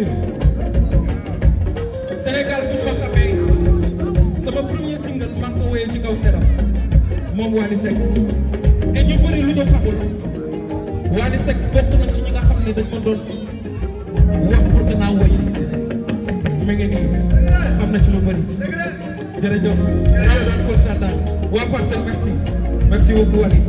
plaisir Sénégal bu ma xamee sama premier single maa ngi ko wéyee ci kaw seram moom Wally Seck et ñu bëri lu ñu xamul Wally Seck bokk na ci ñi nga xam ne dañ ma doon wax pour que naa woy ngi nii xam na ci lu bëri jërëjëf maa ngi doon kontaan daal waa Parcelles merci merci beaucoup Wally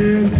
Deus.